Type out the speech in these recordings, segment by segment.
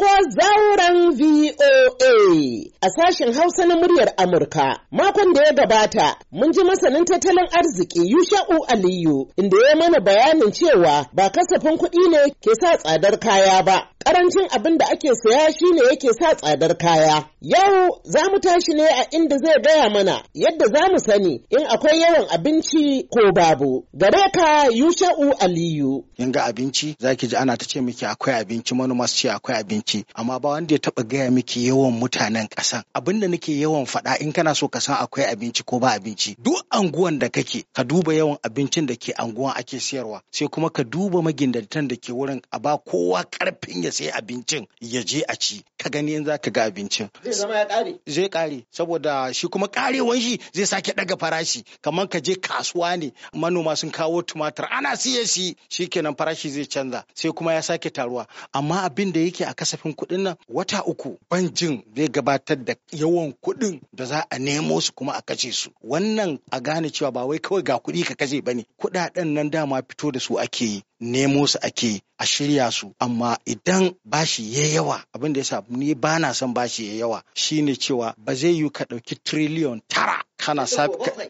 Ko zauren VOA a sashen Hausa na muryar Amurka. Makon da ya gabata mun ji masanin tattalin arziki Yusha'u Aliyu inda ya mana bayanin cewa ba kasafin kuɗi ne ke sa tsadar kaya ba. Karancin abin da ake saya shine yake sa tsadar kaya. Yau za mu tashi ne a inda zai gaya mana yadda za mu sani in akwai yawan abinci ko babu. Gare ka Yusha'u Aliyu. In ga abinci za ki ji ana ta ce miki akwai abinci manoma su ce akwai abinci amma ba wanda ya taba gaya miki yawan mutanen ƙasan. Abin da nake yawan faɗa in kana so ka san akwai abinci ko ba abinci. Duk anguwan da kake ka duba yawan abincin da ke anguwan ake siyarwa sai kuma ka duba magindantan da ke wurin a ba kowa ƙarfin ya ya sai abincin ya je a ci ka gani in ga abincin zai zama ya kare zai kare saboda shi kuma karewan shi zai sake daga farashi kamar ka je kasuwa ne manoma sun kawo tumatir ana siye shi shikenan farashi zai canza sai kuma ya sake taruwa amma abin da yake a kasafin kuɗin nan wata uku banjin zai gabatar da yawan kuɗin da za a nemo su kuma a kashe su wannan a gane cewa ba wai kawai ga kuɗi ka kashe bane kuɗaɗen nan dama fito da su ake yi nemo su ake a shirya su amma idan bashi ya yawa abin da sa ni ba na son bashi ya yawa shine cewa ba zai yi ka ɗauki triliyon tara kana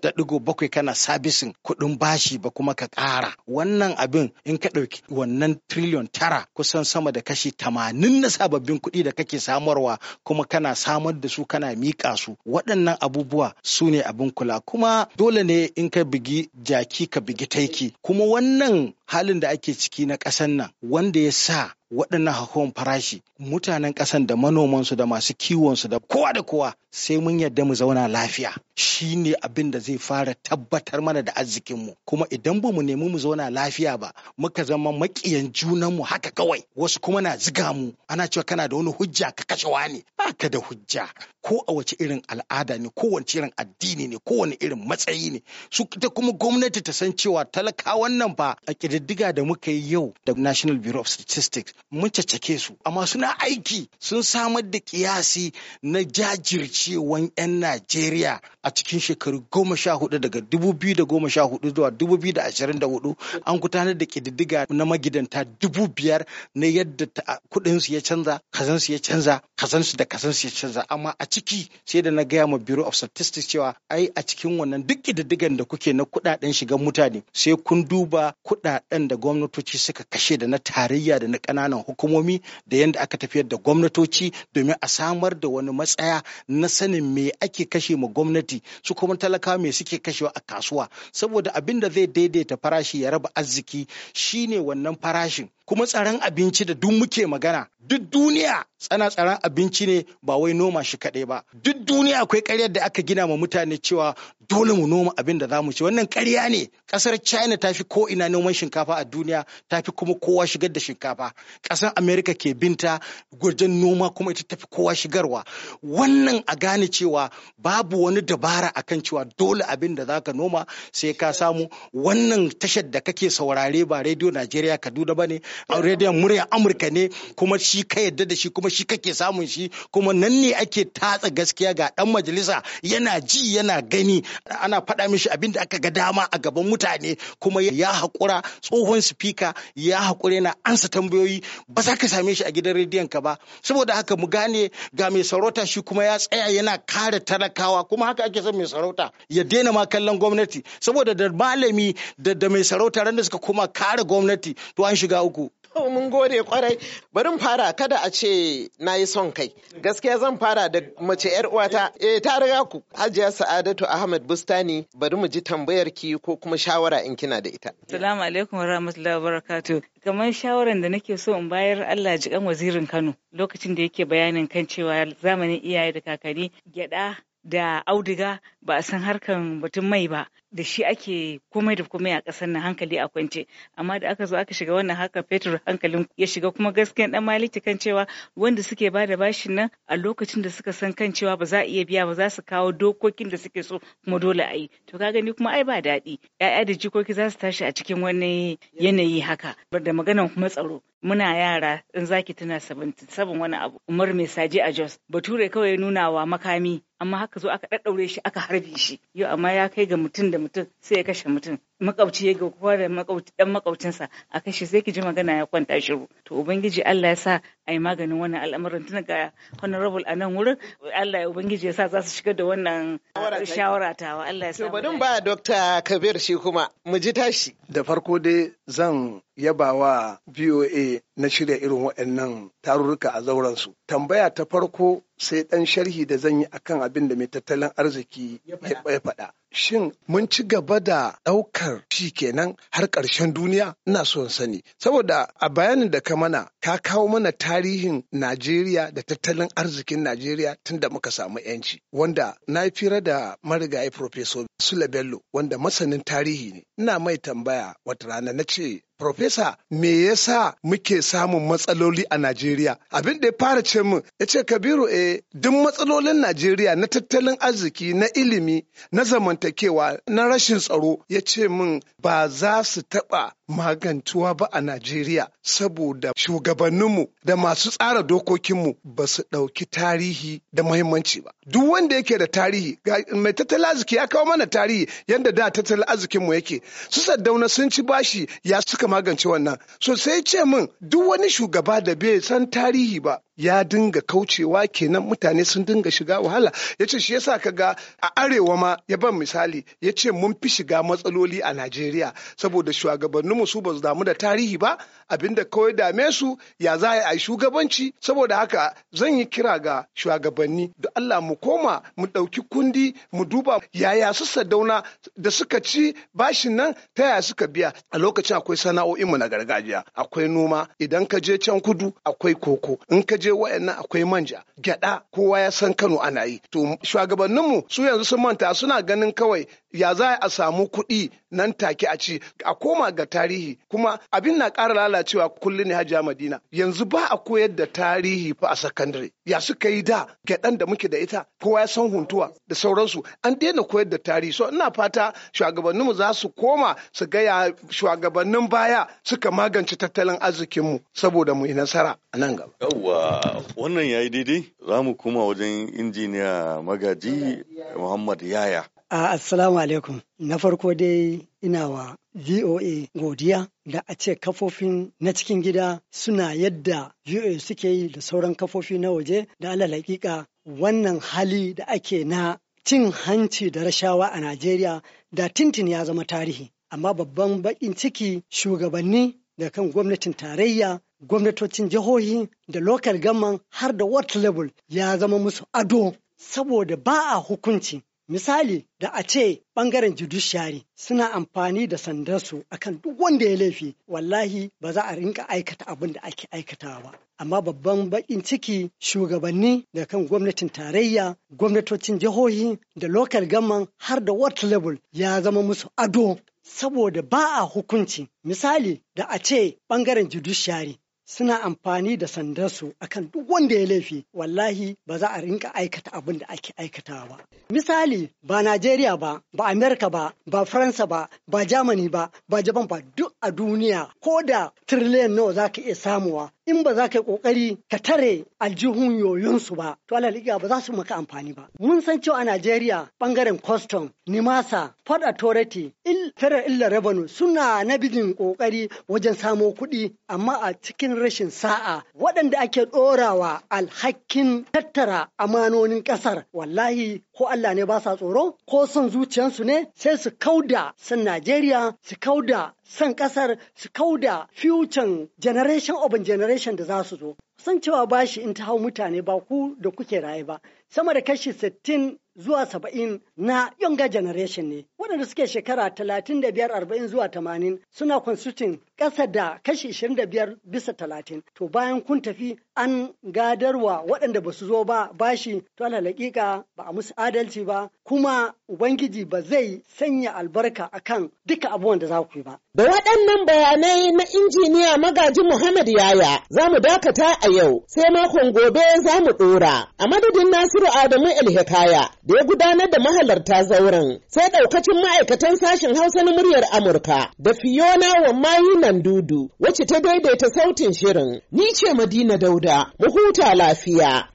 da ɗigo bakwai kana sabisin kuɗin bashi ba kuma ka ƙara wannan abin in ka ɗauki wannan triliyon tara kusan sama da kashi tamanin na sababbin kuɗi da kake samarwa kuma kana samar da su kana miƙa su waɗannan abubuwa su ne abin kula kuma dole ne in ka bigi jaki ka bigi taiki kuma wannan halin da ake ciki na ƙasan nan wanda ya sa waɗannan hakuwan farashi mutanen ƙasan da manomansu da masu kiwonsu da kowa da kowa sai mun yadda mu zauna lafiya shi ne abin da zai fara tabbatar mana da arzikinmu kuma idan ba mu nemi mu zauna lafiya ba muka zama maƙiyan junanmu haka kawai wasu kuma na ziga mu ana cewa kana da wani hujja ka kashe ne. ba ka da hujja ko a wace irin al'ada ne ko wace irin addini ne ko wani irin matsayi ne su ta kuma gwamnati ta san cewa talaka wannan ba a kididdiga da muka yi yau da National Bureau of Statistics mun caccake su amma suna aiki sun samar da kiyasi na jajircewan 'yan Najeriya a cikin shekaru goma sha hudu daga dubu biyu da goma sha hudu zuwa dubu biyu da ashirin da hudu an gudanar da kididdiga na magidanta dubu biyar na yadda kuɗinsu ya canza kazansu ya canza kazansu da kazansu ya canza amma a ciki sai da na gaya ma Bureau of Statistics cewa ai a cikin wannan duk ƙididdigan da kuke na kuɗaɗen shigan mutane sai kun duba kuɗaɗen da gwamnatoci suka kashe da na tarayya da na kananan hukumomi da yadda aka tafiyar da gwamnatoci domin a samar da wani matsaya na sanin me ake kashe ma gwamnati su kuma talaka me suke kashewa a kasuwa saboda abin da zai daidaita farashi ya raba arziki shine wannan farashin kuma tsaron abinci da duk muke magana duk duniya tsana tsaran abinci ne ba wai noma shi kaɗai ba duk duniya akwai ƙaryar da aka gina ma mutane cewa dole mu noma abin da zamu ci wannan karya ne ƙasar China ta fi ko ina noman shinkafa a duniya ta fi kuma kowa shigar da shinkafa ƙasar America ke binta gurjen noma kuma ita ta fi kowa shigarwa wannan a gane cewa babu wani dabara akan cewa dole abin da zaka noma sai ka samu wannan tashar da kake saurare ba Radio Najeriya Kaduna ne. Radio Murya Amurka ne kuma shi ka yadda da shi kuma shi kake samun shi kuma nan ne ake tatsa gaskiya ga dan majalisa yana ji yana gani ana faɗa mishi abin da aka ga dama a gaban mutane kuma ya haƙura tsohon sifika ya haƙura yana ansa tambayoyi ba za ka same shi a gidan rediyon ka ba saboda haka mu gane ga mai sarauta shi kuma ya tsaya yana kare talakawa kuma haka ake son mai sarauta ya daina ma kallon gwamnati saboda da malami da mai sarauta ran da suka koma kare gwamnati to an shiga uku mun gode kwarai bari fara kada a ce na yi son kai gaskiya zan fara da mace yar uwata eh ta riga ku hajiya sa'adatu ahmad Bustani bari mu ji tambayar ki ko kuma shawara in kina da ita. Assalamu alaikum wa rahmatullahi wa barakatu. Kamar shawaran da nake so in bayar Allah ji kan wazirin Kano lokacin da yake bayanin kan cewa zamanin iyaye da kakanni gyada da auduga ba a san harkan batun mai ba da shi ake komai da komai a ƙasar nan hankali a kwance amma da aka zo aka shiga wannan haka fetur hankalin ya shiga kuma gaskiya dan maliki kan cewa wanda suke ba da bashin nan a lokacin da suka san kan cewa ba za a iya biya ba za su kawo dokokin da suke so kuma dole a yi to ka gani kuma ai ba daɗi yaya da jikoki za su tashi a cikin wani yanayi haka da maganan kuma tsaro muna yara in zaki tana sabon wani abu umar mai saje a jos bature kawai nuna wa makami amma haka zo aka ɗaɗɗaure shi aka harbe shi yau amma ya kai ga mutum da mutum sai ya kashe mutum makauci ya kowa da ɗan makaucinsa a kashe sai ki ji magana ya kwanta shiru to ubangiji Allah ya sa a yi maganin wannan al'amarin tun ga honorable a nan wurin Allah ya ubangiji ya sa za su shiga da wannan shawara wa Allah ya sa. To ba Dr. Kabir shi kuma mu ji tashi. Da farko dai zan yaba wa VOA na shirya irin waɗannan tarurruka a zauren su. Tambaya ta farko sai ɗan sharhi da zan yi akan abin da mai tattalin arziki ya faɗa. Shin mun ci gaba da ɗaukar shi kenan har ƙarshen duniya? Ina son sani. Saboda a bayanin da ka mana ka kawo mana tarihi tarihin Najeriya da tattalin arzikin Najeriya tun da muka samu 'yanci. Wanda na yi fira da marigayi Profesor Sule Bello wanda masanin tarihi ne. Ina mai tambaya wata rana na ce Profesa, me yasa muke samun matsaloli a Najeriya? Abin da ya fara ce mu ya ce Kabiru, eh, duk matsalolin Najeriya na tattalin arziki, na ilimi, na zamantakewa, na rashin tsaro, ya ce min ba za su taɓa magantuwa ba a Najeriya saboda shugabanninmu da masu tsara dokokinmu ba su ɗauki tarihi da muhimmanci ba. Duk wanda yake da tarihi, mai tattalin arziki ya kawo mana tarihi yadda da tattalin arzikinmu yake. Su Saddauna sun ci bashi ya suka magance wannan so sai ce min duk wani shugaba da bai san tarihi ba ya dinga kaucewa kenan mutane sun dinga shiga wahala ya ce shi yasa kaga a arewa ma ya ban misali ya ce mun fi shiga matsaloli a najeriya saboda shugabannin mu su ba su damu da tarihi ba abinda kawai dame su ya za a yi shugabanci saboda haka zan yi kira ga shugabanni da allah mu koma mu ɗauki kundi mu duba yaya su sadauna da suka ci bashin nan ta yaya suka biya a lokacin akwai sana'o'inmu na gargajiya akwai noma idan ka je can kudu akwai koko in ka je waje wa'annan akwai manja gyada kowa ya san Kano ana yi to shugabanninmu su yanzu sun manta suna ganin kawai ya za a samu kuɗi nan take a ci a koma ga tarihi kuma abin na ƙara lalacewa kullum ne hajiya madina yanzu ba a koyar da tarihi fa a sakandare ya suka yi da gyaɗan da muke da ita kowa ya san huntuwa da sauransu an daina koyar da tarihi so ina fata shugabanninmu za su koma su gaya shugabannin baya suka magance tattalin arzikinmu saboda mu yi nasara a nan gaba. Yawwa wannan yayi daidai za mu koma wajen injiniya magaji Muhammad Yaya. Assalamu alaikum. Na farko dai ina wa VOA godiya da a ce kafofin na cikin gida suna yadda VOA suke yi da sauran kafofi na waje da alalakika wannan hali da ake na cin hanci da rashawa a Najeriya da tintin ya zama tarihi. Amma babban baƙin ciki shugabanni da kan gwamnatin tarayya gwamnatocin jihohi da lokal gaman har da world level ya zama musu ado saboda ba a hukunci Misali da a ce ɓangaren judiciary suna amfani da sandarsu akan duk wanda ya laifi wallahi ba za a rinka aikata abin da ake aikatawa ba. Amma babban baƙin ciki shugabanni da kan gwamnatin tarayya, gwamnatocin jihohi da local government har da what level ya zama musu ado saboda ba a hukunci misali da a ce ɓangaren judiciary suna amfani da sandarsu akan duk wanda ya laifi wallahi ba za a rinka aikata abin da ake aikatawa ba misali ba Najeriya ba ba Amerika ba ba Faransa ba ba Germany ba ba Japan ba duk a duniya ko da trillion nawa za ka iya samuwa in ba za ka yi kokari ka tare aljihun yoyonsu ba to liga ba za su maka amfani ba mun san cewa a Najeriya bangaren custom nimasa port authority il federal illa revenue suna na bijin kokari wajen samo kuɗi amma a cikin rashin sa'a waɗanda ake ɗorawa alhakin tattara amanonin ƙasar wallahi ko Allah ne ba sa tsoro ko son zuciyarsu ne sai su kauda san Najeriya su kauda san ƙasar su kauda future generation of generation generation da za su zo san cewa ba shi in ta hau mutane ba ku da kuke raye ba sama da kashi 60 zuwa 70 na younger generation ne waɗanda suke shekara 35-40 zuwa 80 suna constituting ƙasa da kashi 25 bisa 30 to bayan kun tafi an gadarwa waɗanda ba su zo ba bashi to alhalaƙiƙa ba a musu adalci ba kuma ubangiji ba zai sanya albarka akan duka abubuwan da za ku yi ba da waɗannan bayanai na injiniya magaji muhammad yaya za mu dakata a yau sai makon gobe za mu ɗora a madadin nasu Nasiru Adamu Elhikaya da ya gudanar da mahalarta zauren sai ɗaukacin ma'aikatan sashen Hausa na muryar Amurka da Fiona Mayu Nandudu wacce ta daidaita sautin shirin. Ni ce Madina Dauda, mu huta lafiya.